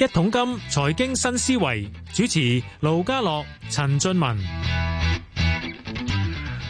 一桶金財經新思維主持盧家樂、陳俊文，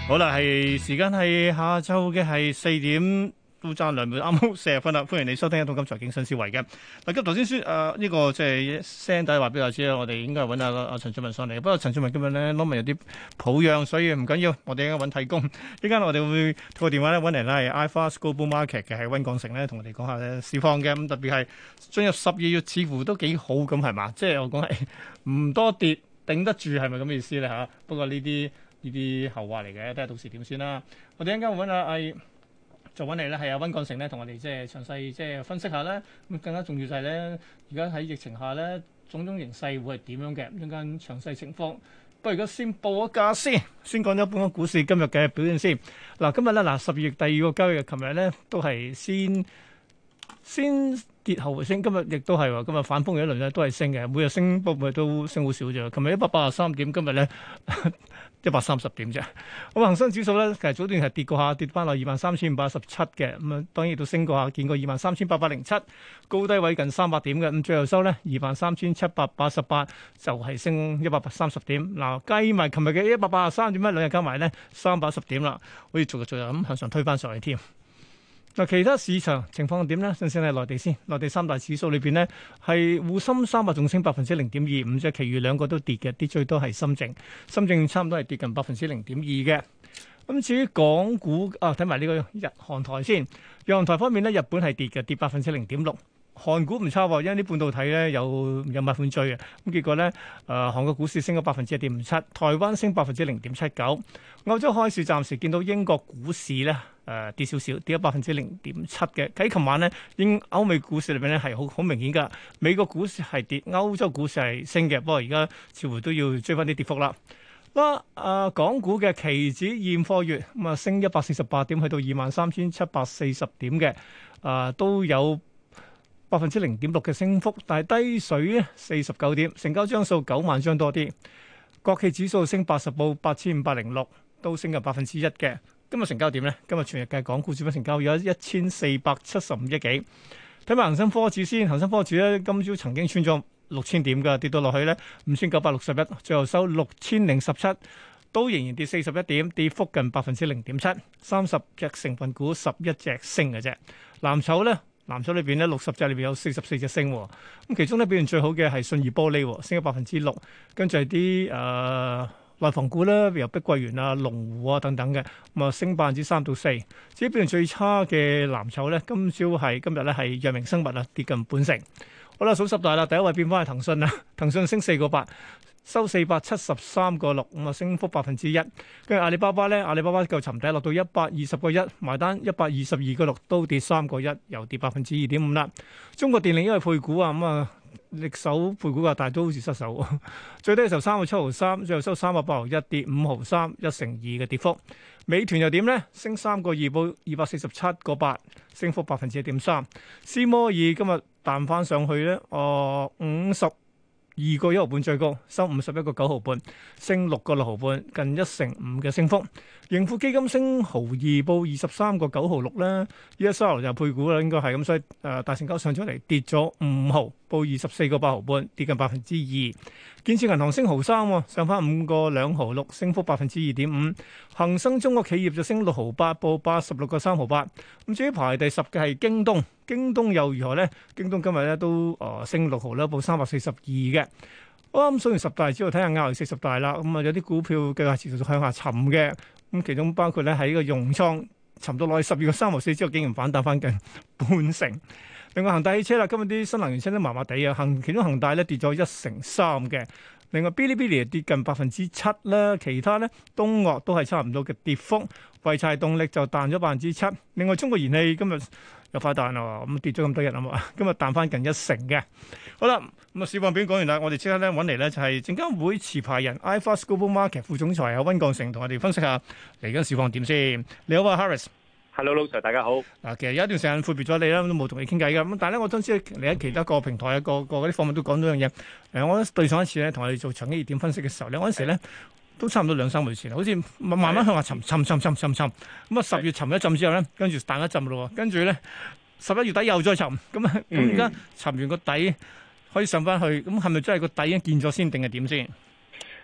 好啦，係時間係下晝嘅係四點。都爭兩秒，啱好四十分啦。歡迎你收聽一《一桶金財經新思維》嘅嗱。咁頭先先誒呢個即係一聲底話俾大家知啦。我哋應該揾下阿阿陳俊文上嚟。不過陳俊文今日咧，攞埋有啲抱恙，所以唔緊要。我哋而家揾替工。依家我哋會透過電話咧揾嚟啦，係 iFAST Global Market 嘅，喺溫鋼城咧，同我哋講下咧市況嘅咁。特別係進入十二月，似乎都幾好咁，係嘛？即係我講係唔多跌，頂得住，係咪咁嘅意思咧嚇？不過呢啲呢啲後話嚟嘅，睇下到時點算啦。我哋一而家揾下阿。就揾你咧，係啊，溫鋼城咧，同我哋即係詳細即係分析下咧。咁更加重要就係咧，而家喺疫情下咧，種種形勢會係點樣嘅？中間詳細情況，不如而家先報個價先，先講咗本港股市今日嘅表現先。嗱，今日咧，嗱十二月第二個交易日，琴日咧都係先先跌後回升，今日亦都係話今日反風嘅一輪咧，都係升嘅，每日升不過都升好少啫。琴日一百八十三點，今日咧。一百三十點啫，咁恒生指數咧，其實早段係跌過下，跌翻落二萬三千五百一十七嘅，咁啊，當然都升過下，見過二萬三千八百零七，高低位近三百點嘅，咁最後收咧二萬三千七百八十八，23，就係升一百三十點。嗱、啊，計埋琴日嘅一百八十三點，咁兩日加埋咧三百十點啦，好似逐日逐日咁向上推翻上去添。嗱，其他市場情況點咧？先先睇內地先。內地三大指數裏邊咧，係滬深三百仲升百分之零點二五，即係其餘兩個都跌嘅，跌最多係深證。深證差唔多係跌近百分之零點二嘅。咁至於港股，啊睇埋呢個日韓台先。日韓台方面咧，日本係跌嘅，跌百分之零點六。韓股唔差喎，因為啲半導體咧有有，有物款追嘅，咁，結果咧誒、呃、韓國股市升咗百分之一點五七，台灣升百分之零點七九。歐洲開市暫時見到英國股市咧誒、呃、跌少少，跌咗百分之零點七嘅。喺琴晚咧英歐美股市裏邊咧係好好明顯噶，美國股市係跌，歐洲股市係升嘅，不過而家似乎都要追翻啲跌幅啦啦。誒、呃呃、港股嘅期指現貨月咁啊、嗯，升一百四十八點，去到二萬三千七百四十點嘅啊、呃，都有。百分之零點六嘅升幅，但係低水咧四十九點，成交張數九萬張多啲。國企指數升八十到八千五百零六，都升近百分之一嘅。今日成交點呢？今日全日嘅港股主板成交有一千四百七十五億幾。睇埋恒生科指先，恒生科指咧今朝曾經穿咗六千點㗎，跌到落去呢五千九百六十一，5, 1, 最後收六千零十七，都仍然跌四十一點，跌幅近百分之零點七。三十隻成分股十一隻升嘅啫，藍籌呢。藍籌裏邊咧，六十隻裏邊有四十四隻升，咁其中咧表現最好嘅係信義玻璃，升咗百分之六，跟住係啲誒內房股咧，譬如碧桂園啊、龍湖啊等等嘅，咁啊升百分之三到四。至於表現最差嘅藍籌咧，今朝係今日咧係藥明生物啊，跌近半成。好啦，數十大啦，第一位變翻係騰訊啊，騰訊升四個八。收四百七十三個六，咁啊升幅百分之一。跟住阿里巴巴咧，阿里巴巴嘅舊沉底落到一百二十個一，埋單一百二十二個六，都跌三個一，又跌百分之二點五啦。中國電力因為配股啊，咁啊力守配股啊，但都好似失手。最低嘅時候三個七毫三，最後收三百八毫一，跌五毫三，一成二嘅跌幅。美團又點咧？升三個二報二百四十七個八，升幅百分之一點三。斯摩爾今日彈翻上去咧，哦五十二個一毫半最高，收五十一個九毫半，升六個六毫半，近一成五嘅升幅。盈富基金升毫二，報二十三個九毫六啦。依家三六就配股啦，應該係咁，所以誒、呃、大成交上出嚟跌咗五毫，報二十四個八毫半，跌近百分之二。建設銀行升毫三，哦，上返五個兩毫六，升幅百分之二點五。恒生中國企業就升六毫八，報八十六個三毫八。咁至於排第十嘅係京東，京東又如何咧？京東今日咧都誒、呃、升六毫啦，報三百四十二嘅。我啱，嗯、數完十大之後，睇下亞游四十大啦。咁、嗯、啊有啲股票嘅話，持續向下沉嘅。咁其中包括咧喺個用倉，沉到落去十二個三毫四之後，竟然反彈翻近半成。另外恒大汽車啦，今日啲新能源車都麻麻地啊，恒其中恒大咧跌咗一成三嘅。另外嗶哩嗶哩跌近百分之七啦，其他咧東岳都係差唔多嘅跌幅，濰柴動力就彈咗百分之七。另外中國燃氣今日又快彈啦，咁跌咗咁多日啊嘛，今日彈翻近一成嘅。好啦，咁啊市況表講完啦，我哋即刻咧搵嚟咧就係證監會持牌人 iFAS Global Market 副總裁啊溫鋼城同我哋分析下嚟緊市況點先。你好啊，Harris。Hello，老實，大家好。嗱，其實有一段時間闊別咗你啦，都冇同你傾偈噶。咁但係咧，我都知你喺其他個平台啊、mm hmm.，個個啲貨物都講咗樣嘢。我對上一次咧同我哋做長期熱點分析嘅時候咧，嗰陣時咧都差唔多兩三個月前啦，好似慢慢向下沉、沉、沉、沉、沉、沉。咁、嗯、啊，嗯、十月沉一浸之後咧，跟住彈一浸咯喎，跟住咧十一月底又再沉。咁 啊、嗯，咁而家沉完個底可以上翻去，咁係咪真係個底已經見咗先定係點先？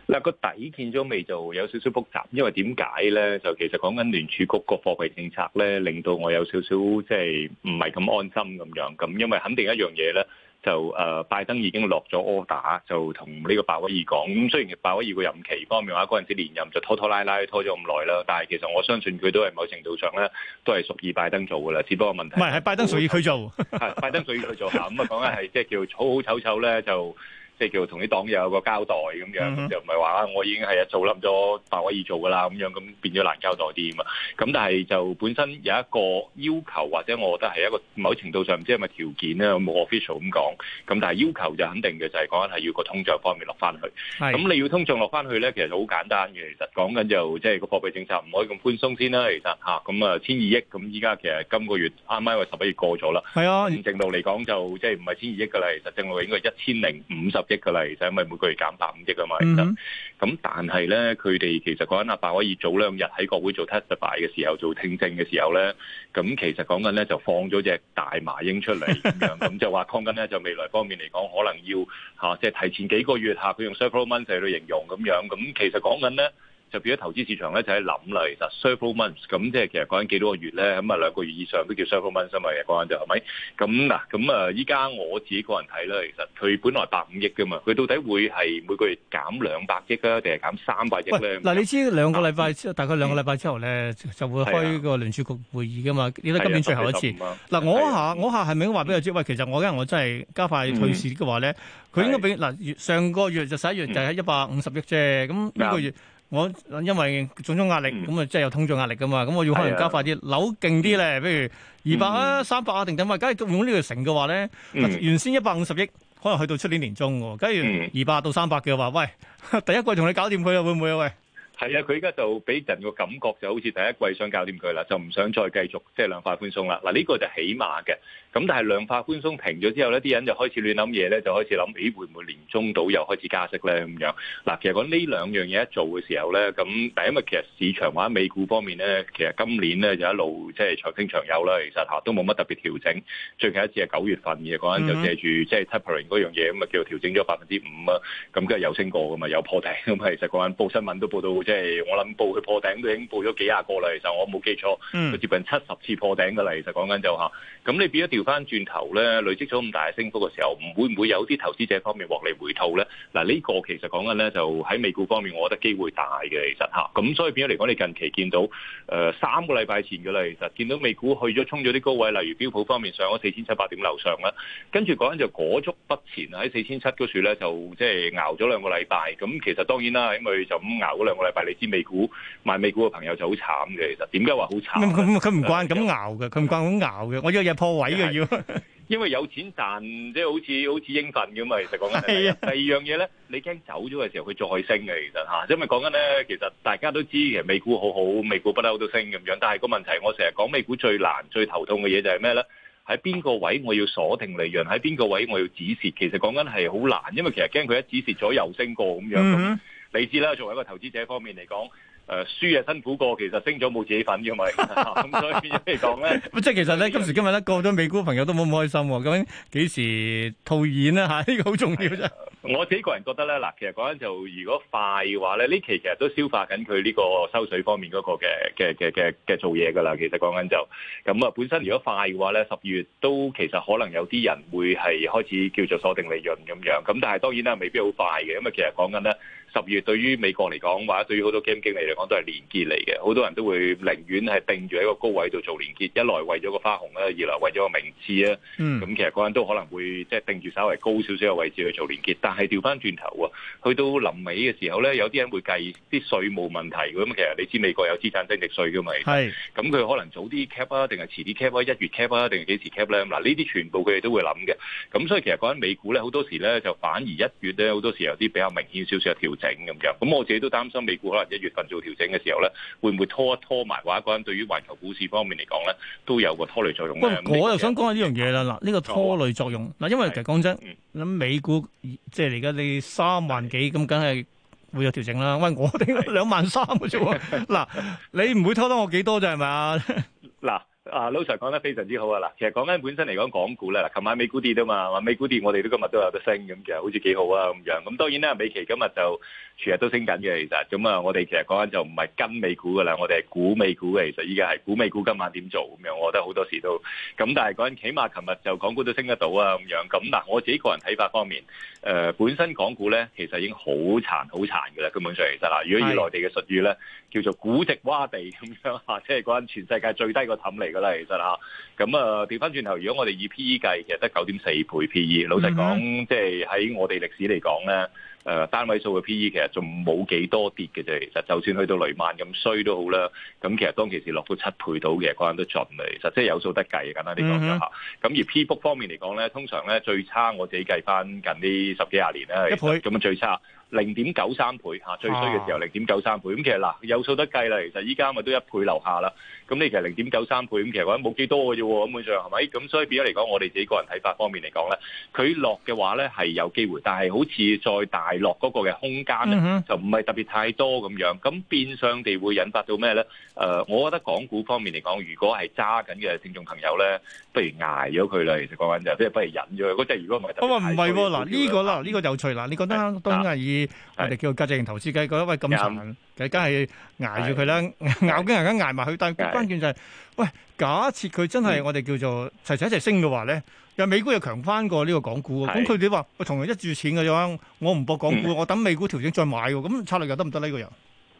嗱，個底見咗未？就有少少複雜，因為點解咧？就其實講緊聯儲局個貨幣政策咧，令到我有少少即係唔係咁安心咁樣。咁因為肯定一樣嘢咧，就誒、呃、拜登已經落咗 order，就同呢個鮑威爾講。咁雖然鮑威爾個任期方面嘅話，嗰陣時連任就拖拖拉拉，拉拖咗咁耐啦，但係其實我相信佢都係某程度上咧，都係屬於拜登做嘅啦。只不過問題唔係係拜登屬意佢做，拜登屬意佢做下咁啊！講緊係即係叫好好丑醜咧就。即係叫同啲黨友有個交代咁樣，就唔係話啊，我已經係啊做冧咗，大可以做噶啦咁樣，咁變咗難交代啲啊嘛。咁但係就本身有一個要求，或者我覺得係一個某程度上唔知係咪條件咧，冇 official 咁講。咁但係要求就肯定嘅，就係講緊係要個通脹方面落翻去。咁你要通脹落翻去咧，其實好簡單嘅。其實講緊就即係個貨幣政策唔可以咁寬鬆先啦。其實吓，咁啊，千二億咁依家其實今個月啱啱因為十一月過咗啦。係啊，程度嚟講就即係唔係千二億嘅啦。其實正路應該係一千零五十億噶啦，就因為每個月減百五億啊嘛，咁但係咧，佢哋其實講緊阿巴威爾，早兩日喺國會做 testify 嘅時候，做聽證嘅時候咧，咁其實講緊咧就放咗隻大麻鷹出嚟咁樣，咁就話講緊咧就未來方面嚟講，可能要吓即係提前幾個月吓，佢用 circle month 嚟去形容咁樣，咁其實講緊咧。就變咗投資市場咧，就喺諗啦。其實 several months，咁即係其實講緊幾多個月咧，咁啊兩個月以上都叫 several months 嘛。其實講緊就係咪？咁嗱，咁啊，依家我自己個人睇咧，其實佢本來百五億噶嘛，佢到底會係每個月減兩百億啊，定係減三百億咧？嗱，你知兩個禮拜，大概兩個禮拜之後咧，就會開個聯儲局會議噶嘛？呢個今年最後一次。嗱，我下我下係咪都話俾你知？喂，其實我而家我真係加快退市嘅話咧，佢應該比嗱上個月就十一月就係一百五十億啫。咁呢個月。我因為種種壓力，咁啊即係有通脹壓力噶嘛，咁我要可能加快啲扭勁啲咧，譬、嗯、如二百啊、三百、嗯、啊定咁，喂，假如用呢個成嘅話咧，原先一百五十億可能去到出年年中、啊，假如二百到三百嘅話，喂，第一季同你搞掂佢啊，會唔會啊，喂？係啊，佢而家就俾人個感覺就好似第一季想搞掂佢啦，就唔想再繼續即係、就是、量化寬鬆啦。嗱，呢個就起碼嘅。咁但係量化寬鬆停咗之後呢，啲人就開始亂諗嘢咧，就開始諗，咦、欸、會唔會年中到又開始加息咧咁樣？嗱，其實講呢兩樣嘢一做嘅時候咧，咁第一咪其實市場話美股方面咧，其實今年咧就一路即係、就是、長升長有啦。其實吓都冇乜特別調整。最近一次係九月份嘅嗰陣就借住即係、就是、tapering 嗰樣嘢，咁咪叫做調整咗百分之五啊，咁跟住有升過噶嘛，有破頂。咁其實嗰陣報新聞都報到。即係我諗報佢破頂都已經報咗幾廿個啦，其實我冇記錯，佢接近七十次破頂噶啦，其實講緊就嚇。咁你變咗調翻轉頭咧，累積咗咁大嘅升幅嘅時候，唔會唔會有啲投資者方面獲利回吐咧？嗱，呢個其實講緊咧就喺美股方面，我覺得機會大嘅其實嚇。咁所以變咗嚟講，你近期見到誒三個禮拜前噶啦，其實見到美股去咗衝咗啲高位，例如標普方面上咗四千七百點樓上啦，跟住講緊就裹足不前喺四千七嗰處咧，4，就即係熬咗兩個禮拜。咁其實當然啦，因為就咁熬咗兩個禮。但係你知美股買美股嘅朋友就好慘嘅，其實點解話好慘？咁佢唔慣咁熬嘅，佢唔慣咁熬嘅，我一日破位嘅要，因為有錢賺，即係好似好似應份咁啊！其實講緊第二樣嘢咧，你驚走咗嘅時候佢再升嘅，其實嚇，因為講緊咧，其實大家都知，其實美股好好，美股不嬲都升咁樣。但係個問題，我成日講美股最難、最頭痛嘅嘢就係咩咧？喺邊個位我要鎖定利潤，喺邊個位我要止蝕？其實講緊係好難，因為其實驚佢一止蝕咗又升過咁樣。你知啦，作為一個投資者方面嚟講，誒、呃、輸啊辛苦過，其實升咗冇自己份嘅嘛。咁、啊、所以嚟講咧，即係 其實咧 今時今日咧過咗美股朋友都好唔開心喎。咁幾時套現咧嚇？呢、啊呢個好重要啫。 我自己個人覺得咧，嗱，其實講緊就如果快嘅話咧，呢期其實都消化緊佢呢、呢個收水方面嗰個嘅嘅嘅嘅做嘢噶啦。其實講緊就咁啊，本身如果快嘅話咧，十二月都其實可能有啲人會係開始叫做鎖定利潤咁樣。咁但係當然啦，未必好快嘅。因為，其實講緊咧。十月對於美國嚟講，或者對於好多 Game 經理嚟講都係連結嚟嘅，好多人都會寧願係定住喺個高位度做連結，一來為咗個花紅啊，二來為咗個名次啊，咁其實嗰陣都可能會即係定住稍微高少少嘅位置去做連結。但係調翻轉頭啊，去到臨尾嘅時候咧，有啲人會計啲稅務問題咁，其實你知美國有資產增值稅嘅嘛，係，咁佢可能早啲 cap 啊，定係遲啲 cap 啊，一月 cap 啊，定係幾時 cap 咧？嗱，呢啲全部佢哋都會諗嘅。咁所以其實嗰陣美股咧，好多時咧就反而一月咧好多時有啲比較明顯少少嘅調整。咁樣，咁我自己都擔心美股可能一月份做調整嘅時候咧，會唔會拖一拖埋話嗰陣對於環球股市方面嚟講咧，都有個拖累作用，我又想講下呢樣嘢啦。嗱、嗯，呢個拖累作用嗱，嗯、因為其實講真，咁、嗯、美股即係而家你三萬幾咁，梗係會有調整啦。喂，我哋兩萬三嘅啫喎。嗱，你唔會拖得我幾多啫？係咪啊？嗱。 啊，老實講得非常之好啊！嗱，其實講緊本身嚟講港股咧，嗱，琴晚美股跌啊嘛，話美股跌，我哋都今日都有得升咁其實、啊、樣，好似幾好啊咁樣。咁當然咧，美期今日就全日都升緊嘅，其實。咁啊，我哋其實講緊就唔係跟美股噶啦，我哋係估美股嘅。其實依家係估美股，今晚點做咁樣？我覺得好多時都咁，但係講緊起碼琴日就港股都升得到啊咁樣。咁嗱，我自己個人睇法方面，誒、呃，本身港股咧其實已經好殘好殘噶啦，根本上其實嗱，如果以內地嘅術語咧，叫做估值窪地咁樣嚇，即係講緊全世界最低個氹嚟。其實嚇，咁啊，調翻轉頭，如果我哋以 P E 計，其實得九點四倍 P E。老實、mm hmm. 講，即係喺我哋歷史嚟講咧，誒單位數嘅 P E 其實仲冇幾多跌嘅啫。其實，就算去到雷曼咁衰都好啦，咁其實當時其時落到七倍到嘅，個人都盡嚟。其實，即係有數得計簡單啲講咗嚇。咁、mm hmm. 而 P book 方面嚟講咧，通常咧最差，我自己計翻近呢十幾廿年咧，咁啊一倍最差。零點九三倍嚇，最衰嘅時候零點九三倍，咁其實嗱有數得計啦。其實依家咪都一倍樓下啦。咁你其實零點九三倍咁，其實話冇幾多嘅啫喎，咁嘅上係咪？咁所以變咗嚟講，我哋自己個人睇法方面嚟講咧，佢落嘅話咧係有機會，但係好似再大落嗰個嘅空間咧，就唔係特別太多咁樣。咁變相地會引發到咩咧？誒，我覺得港股方面嚟講，如果係揸緊嘅聽眾朋友咧，不如捱咗佢啦。其實講緊就即係不如忍咗佢。嗰隻，如果唔係，我話唔係嗱，呢個嗱，呢個有趣嗱，你覺得都係 我哋叫做價值型投資，計覺得喂，咁殘，佢梗係挨住佢啦，咬緊牙根挨埋佢。但係關鍵就係、是，喂，假設佢真係我哋叫做齊齊一齊升嘅話咧，又美股又強返過呢個港股，咁佢哋話我同樣一注錢嘅話，我唔博港股，我等美股調整再買，咁策略又得唔得呢嗰日？這個人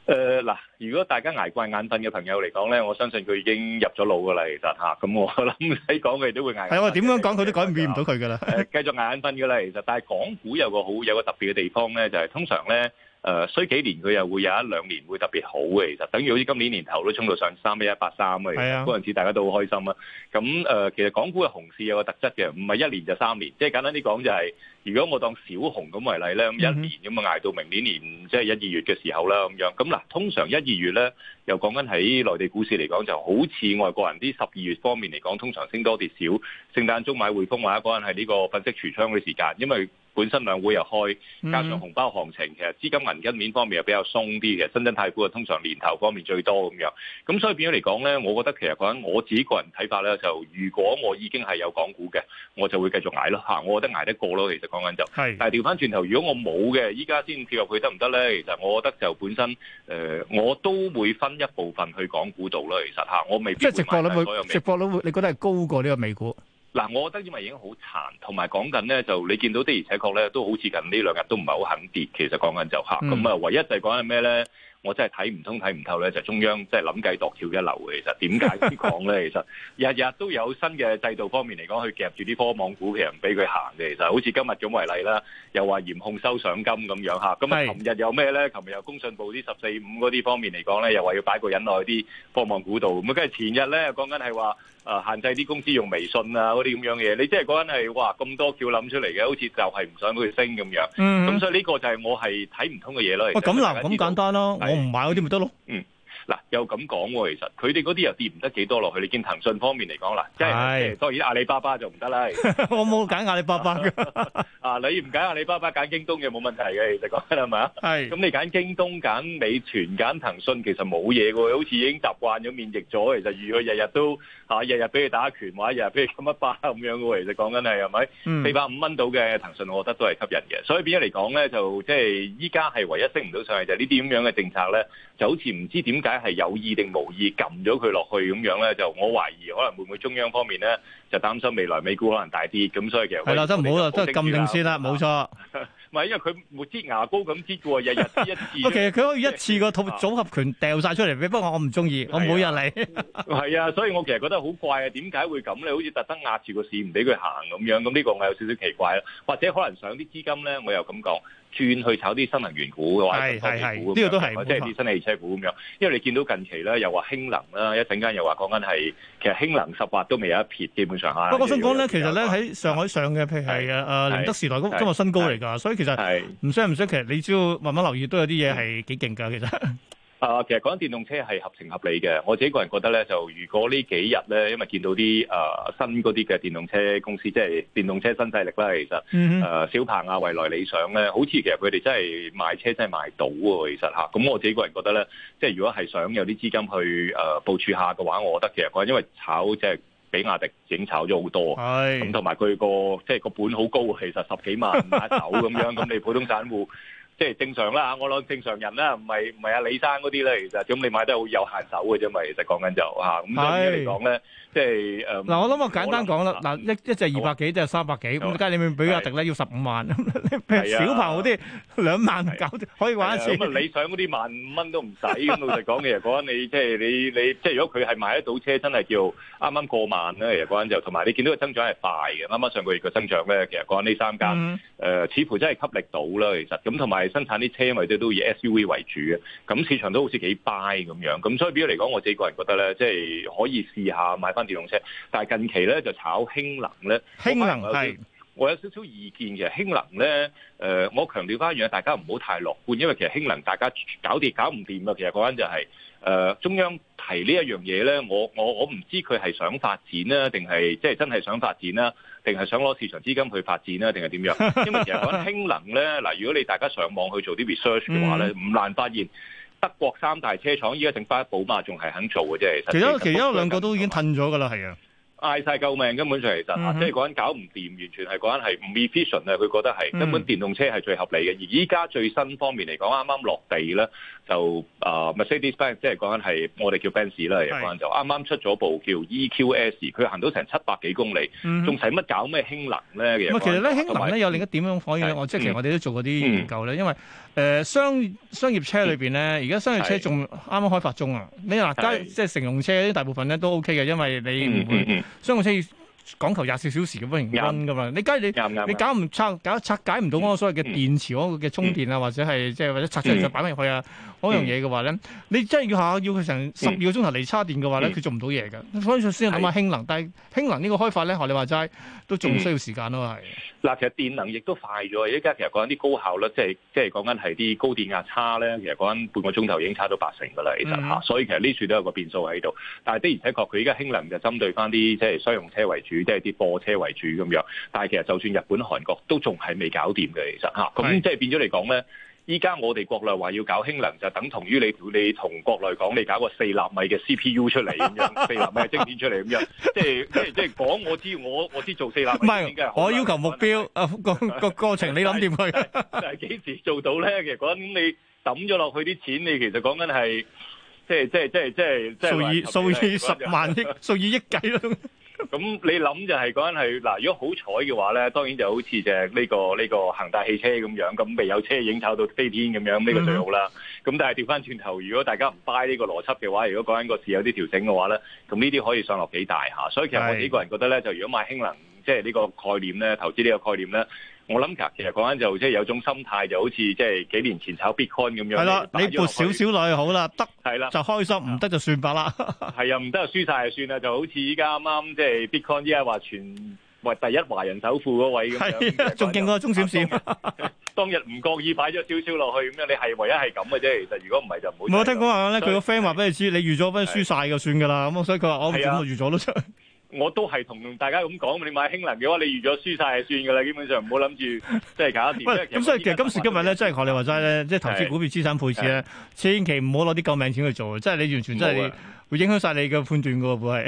誒嗱、呃，如果大家挨慣眼瞓嘅朋友嚟講咧，我相信佢已經入咗腦噶啦，其實吓，咁我諗唔使講佢哋都會挨。係我點樣講佢都改變唔到佢噶啦。誒，繼續挨眼瞓噶啦，其實，但係港股有個好有個特別嘅地方咧，就係、是、通常咧。誒衰幾年佢又會有一兩年會特別好嘅，其實等於好似今年年頭都衝到上三一一八三啊，其實嗰陣時大家都好開心啊。咁、嗯、誒、呃，其實港股嘅熊市有個特質嘅，唔係一年就三年，即係簡單啲講就係、是，如果我當小熊咁為例咧，咁一年咁啊捱到明年年即係、就是、一二月嘅時候啦，咁樣咁嗱，通常一二月咧又講緊喺內地股市嚟講，就好似外國人啲十二月方面嚟講，通常升多跌少，聖誕鐘買匯豐或者嗰陣係呢個粉飾櫥窗嘅時間，因為。本身兩會又開，加上紅包行情，其實資金銀根面方面又比較鬆啲嘅。深圳太股啊，通常年頭方面最多咁樣。咁所以變咗嚟講咧，我覺得其實講緊我自己個人睇法咧，就如果我已經係有港股嘅，我就會繼續捱咯嚇。我覺得捱得過咯，其實講緊就係。但係調翻轉頭，如果我冇嘅，依家先跳入去得唔得咧？其實我覺得就本身誒、呃，我都會分一部分去港股度咯。其實嚇、啊，我未必即係值博率會值博率會，你覺得係高過呢個美股？嗱，我覺得因為已經好殘，同埋講緊咧就你見到的而且確咧都好似近呢兩日都唔係好肯跌，其實講緊就吓，咁 啊樂，唯一就係講緊咩咧？我真係睇唔通、睇唔透咧，就中央即係諗計度跳一流嘅，其實點解咁講咧？其實日日都有新嘅制度方面嚟講，去夾住啲科網股嘅人俾佢行嘅，其實好似今日咁為例啦。又話嚴控收賞金咁樣嚇，咁啊，琴日有咩咧？琴日有工信部啲十四五嗰啲方面嚟講咧，又話要擺個引落啲科網股度咁。咁跟住前日咧，講緊係話，誒限制啲公司用微信啊嗰啲咁樣嘢。你即係講緊係，哇咁多橋諗出嚟嘅，好似就係唔想佢升咁樣。嗯，咁所以呢個就係我係睇唔通嘅嘢咯。喂，咁嗱，咁簡單咯，我唔買嗰啲咪得咯。嗯。嗱，又咁講喎，其實佢哋嗰啲又跌唔得幾多落去。你見騰訊方面嚟講啦，即係是當然阿里巴巴就唔得啦。 我冇揀阿里巴巴嘅。 啊，你唔揀阿里巴巴揀京東嘅冇問題嘅，其實講緊係咪啊？係。咁是你揀京東、揀美團、揀騰訊，其實冇嘢嘅，好似已經習慣咗、免疫咗。其實如果日日都嚇、啊、日日俾佢打拳，或日日俾佢金一巴咁樣嘅喎。其實講緊係係咪？四百五蚊到嘅騰訊，我覺得都係吸引嘅。所以變咗嚟講咧，就即係依家係唯一升唔到上去就係呢啲咁樣嘅政策咧，就好似唔知點解。係有意定無意撳咗佢落去咁樣咧，就我懷疑可能會唔會中央方面咧就擔心未來美股可能大啲，咁所以其實係啦，都唔好啦，都撳定先啦，冇錯。唔係因為佢冇擠牙膏咁擠嘅喎，日日擠一次。不過其實佢可以一次個套組合拳掉曬出嚟畀，不過我唔中意，我唔會入嚟。係啊，所以我其實覺得好怪啊，點解會咁咧？好似特登壓住個市唔俾佢行咁樣，咁呢個我有少少奇怪啦。或者可能上啲資金咧，我又咁講。轉去炒啲新能源股嘅話，新能源股，或者係啲新汽車股咁樣，因為你見到近期咧，又話輕能啦，一陣間又話講緊係，其實輕能十八都未有一撇，基本上係。不過我想講咧，其實咧喺上海上嘅，譬如係啊啊寧德時代今日新高嚟㗎，所以其實唔使唔使，其實你只要慢慢留意，都有啲嘢係幾勁㗎，其實。啊，其實講緊電動車係合情合理嘅，我自己個人覺得咧，就如果幾呢幾日咧，因為見到啲誒、呃、新嗰啲嘅電動車公司，即係電動車新勢力啦，其實誒、嗯哼呃、小鵬啊、蔚來、理想咧，好似其實佢哋真係賣車真係賣到喎，其實嚇。咁、啊、我自己個人覺得咧，即係如果係想有啲資金去誒部署下嘅話，我覺得其實講，因為炒即係、就是、比亞迪整炒咗好多，咁同埋佢個即係、就是、個本好高，其實十幾萬買一手咁樣，咁 你普通散戶。即係正常啦嚇，我諗正常人啦，唔係唔係阿李生嗰啲咧，其實咁你買得好有限手嘅啫嘛，其實講緊就嚇咁所以嚟講咧，即係誒嗱，我諗我簡單講啦，嗱一一隻二百幾，即係三百幾，咁間你咪俾阿迪咧要十五萬，咁小鵬嗰啲兩萬九可以玩一次，咁啊理想嗰啲萬五蚊都唔使，咁老實講嘅其實講緊你即係你你即係如果佢係買得到車，真係叫啱啱過萬咧，其實講緊就同埋你見到個增長係快嘅，啱啱上個月嘅增長咧，其實講緊呢三間誒，似乎真係吸力到啦，其實咁同埋。係生產啲車或者都以 SUV 為主嘅，咁市場都好似幾 buy 咁樣。咁所以變咗嚟講，我自己個人覺得咧，即係可以試下買翻電動車。但係近期咧就炒氫能咧，氫能係。我有少少意見，其實氫能咧，誒、呃，我強調翻一樣，大家唔好太樂觀，因為其實氫能大家搞掂搞唔掂啊！其實嗰陣就係、是、誒、呃、中央提呢一樣嘢咧，我我我唔知佢係想發展啦，定係即係真係想發展啦，定係想攞市場資金去發展啦，定係點樣？因為其實講氫能咧，嗱， 如果你大家上網去做啲 research 嘅話咧，唔、嗯、難發現德國三大車廠依家剩翻一寶馬仲係肯做嘅，即其中實其中兩個都已經褪咗噶啦，係啊。嗌晒救命，根本上其實嚇，即係嗰陣搞唔掂，完全係嗰陣係唔 efficient 啊！佢覺得係根本電動車係最合理嘅，而依家最新方面嚟講，啱啱落地咧。就啊、呃、Mercedes Benz，即係講緊係我哋叫 Benz 啦是，有關就啱啱出咗部叫 EQS，佢行到成七百幾公里，仲使乜搞咩氫能咧？咁其實咧氫能咧有，有另一點樣可以我即係其實我哋都做過啲研究咧，嗯、因為誒、呃、商商業車裏邊咧，而家商業車仲啱啱開發中啊，是你嗱街是即係乘用車啲大部分咧都 OK 嘅，因為你唔用車。嗯講求廿四小時咁平均噶嘛，你梗係你你搞唔拆，搞拆，拆解唔到嗰個所謂嘅電池嗰個嘅充電啊，嗯嗯嗯、或者係即係或者拆出嚟就擺翻入去啊，嗰、嗯嗯、樣嘢嘅話咧，你真係要下要佢成十二個鐘頭嚟叉電嘅話咧，佢、嗯嗯、做唔到嘢噶。所以先諗下氫能，是但係氫能呢個開發咧，學你話齋都仲需要時間咯，係、嗯。嗯嗯嗱，其實電能亦都快咗，而家其實講緊啲高效率，即係即係講緊係啲高電壓差咧。其實講緊半個鐘頭已經差到八成噶啦，其實嚇。Hmm. 所以其實呢處都有個變數喺度，但係的而且確佢而家氫能就針對翻啲即係商用車為主，即係啲貨車為主咁樣。但係其實就算日本、韓國都仲係未搞掂嘅，其實嚇，咁、mm hmm. 即係變咗嚟講咧。依家我哋國內話要搞氫能，就等同於你你同國內講，你搞個四納米嘅 CPU 出嚟咁樣，四納米嘅晶片出嚟咁樣，即係即係講我知，我我知做四納米。唔係，我要求目標個個過程你諗掂佢。但係幾時做到咧？其實講緊你抌咗落去啲錢，你其實講緊係即係即係即係即係數以數以十萬億、數以億計咯。咁你諗就係講緊係嗱，如果好彩嘅話咧，當然就好似就係呢、這個呢、這個恒大汽車咁樣，咁未有車影炒到飛天咁樣，呢個、嗯、最好啦。咁但係調翻轉頭，如果大家唔 buy 呢個邏輯嘅話，如果講緊個市有啲調整嘅話咧，咁呢啲可以上落幾大嚇。所以其實我自己個人覺得咧，是就如果買興能，即係呢個概念咧，投資呢個概念咧。我諗其實講緊就即係有種心態，就好似即係幾年前炒 Bitcoin 咁樣。係啦，你撥少少落去好啦，得係啦就開心，唔得就算罷啦。係啊，唔得就輸晒就算啦，就好似依家啱啱即係 Bitcoin，依家話全喂第一華人首富嗰位咁仲勁過中少少。當日唔覺意擺咗少少落去咁樣，你係唯一係咁嘅啫。其實如果唔係就唔好。我聽講話咧，佢個 friend 話俾你知，你預咗俾輸晒就算㗎啦。咁啊，所以佢話我唔好預咗咯。我都係同大家咁講，你買興能嘅話，你預咗輸晒係算㗎啦。基本上唔好諗住，即係搞掂。咁所以其實今時今日咧，真係學你話齋咧，即係投資股票資產配置咧，千祈唔好攞啲救命錢去做，即係你完全即係會影響晒你嘅判斷㗎喎，會係。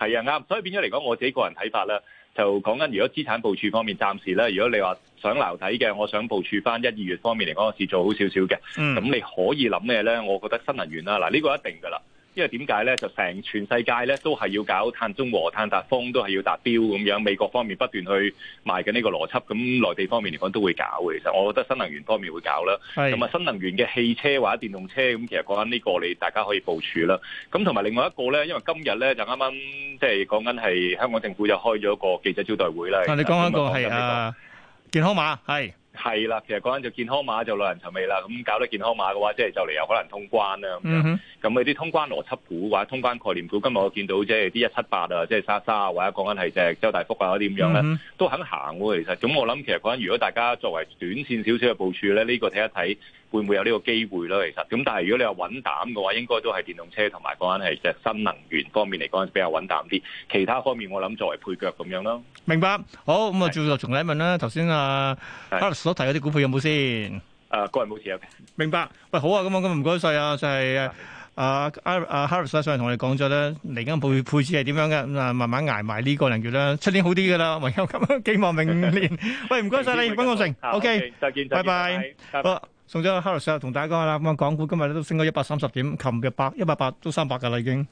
係啊，啱。所以變咗嚟講，我自己個人睇法咧，就講緊如果資產部署方面，暫時咧，如果你話想留底嘅，我想部署翻一、二月方面嚟講嘅事做好少少嘅。咁，嗯，你可以諗咩咧？我覺得新能源啦，嗱，呢個一定㗎啦。因為點解咧？就成全世界咧都係要搞碳中和、碳達峰，都係要達標咁樣。美國方面不斷去賣緊呢個邏輯，咁內地方面嚟講都會搞嘅。其實我覺得新能源方面會搞啦，同埋是新能源嘅汽車或者電動車，咁其實講緊呢個你大家可以部署啦。咁同埋另外一個咧，因為今日咧就啱啱即係講緊係香港政府就開咗一個記者招待會咧。啊、來你講緊個係誒、嗯啊、健康碼係。係啦、啊，其實講緊就健康碼就耐人尋味啦。咁搞得健康碼嘅話，即係就嚟有可能通關啦。咁咁啲通關邏輯股或者通關概念股，今日我見到即係啲一七八啊，即係莎莎啊，或者講緊係隻周大福啊嗰啲咁樣咧，都肯行喎。其實，咁、嗯嗯、我諗其實講緊，如果大家作為短線少少嘅部署咧，呢、呢個睇一睇會唔會有呢個機會咧？其實，咁但係如果你話穩膽嘅話，應該都係電動車同埋講緊係隻新能源方面嚟講比較穩膽啲，其他方面我諗作為配腳咁樣咯。明白。好咁啊，最後重啲問啦，頭先啊。所提嗰啲股票有冇先？誒個人冇事，有嘅。明白。喂，好啊，咁啊，咁唔該晒啊，就係啊啊啊 Harris 上，上日同我哋講咗咧，嚟緊配配置係點樣嘅？啊，慢慢捱埋呢個年月啦，出年好啲嘅啦，唯有咁啊，寄望明年。喂，唔該晒你，溫鋼城。O K，再見，拜拜。好，送咗 Harris 同大家講下啦。咁啊，港股今日都升咗一百三十點，琴日百一百八都三百㗎啦，已經。